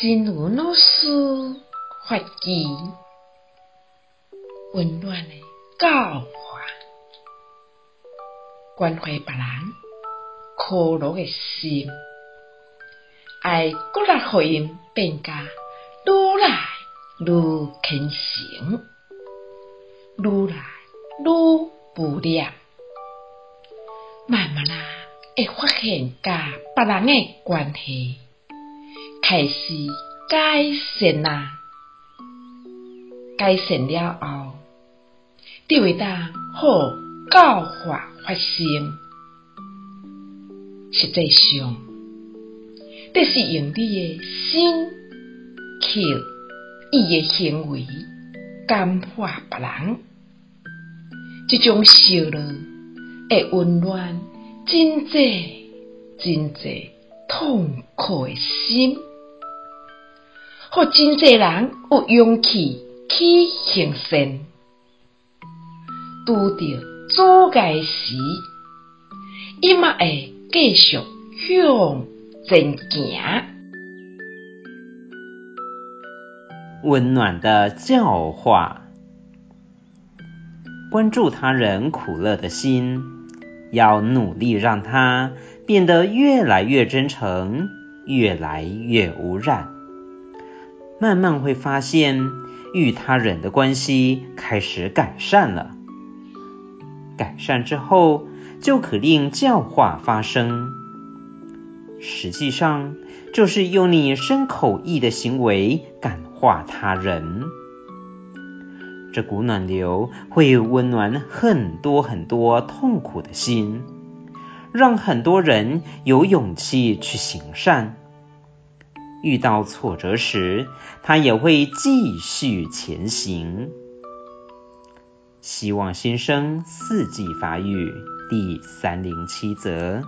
真如老師法語溫暖的教化，關懷別人，苦樂的心，要努力，讓它變得愈來愈真誠，愈來愈無染。慢慢會，發現跟別人的關係。還是改善啊！改善了後，就會當好教化發生。實際上，這是用你誒身、口、意誒行為感化別人。即種笑容，會溫暖真濟、真濟痛苦誒心。予真濟人有勇氣去行善，拄著阻礙時，伊嘛會繼續向前行。溫暖的教化，關注他人苦樂的心，要努力讓它變得越來越真誠，越來越無染。慢慢會發現，與他人的關係開始改善了。改善之後，就可令教化發生。實際上，就是用你身口意的行為感化他人。這股暖流會溫暖很多很多痛苦的心，讓很多人有勇氣去行善。遇到挫折時，他也會繼續前行。希望新生四季法語第三零七則。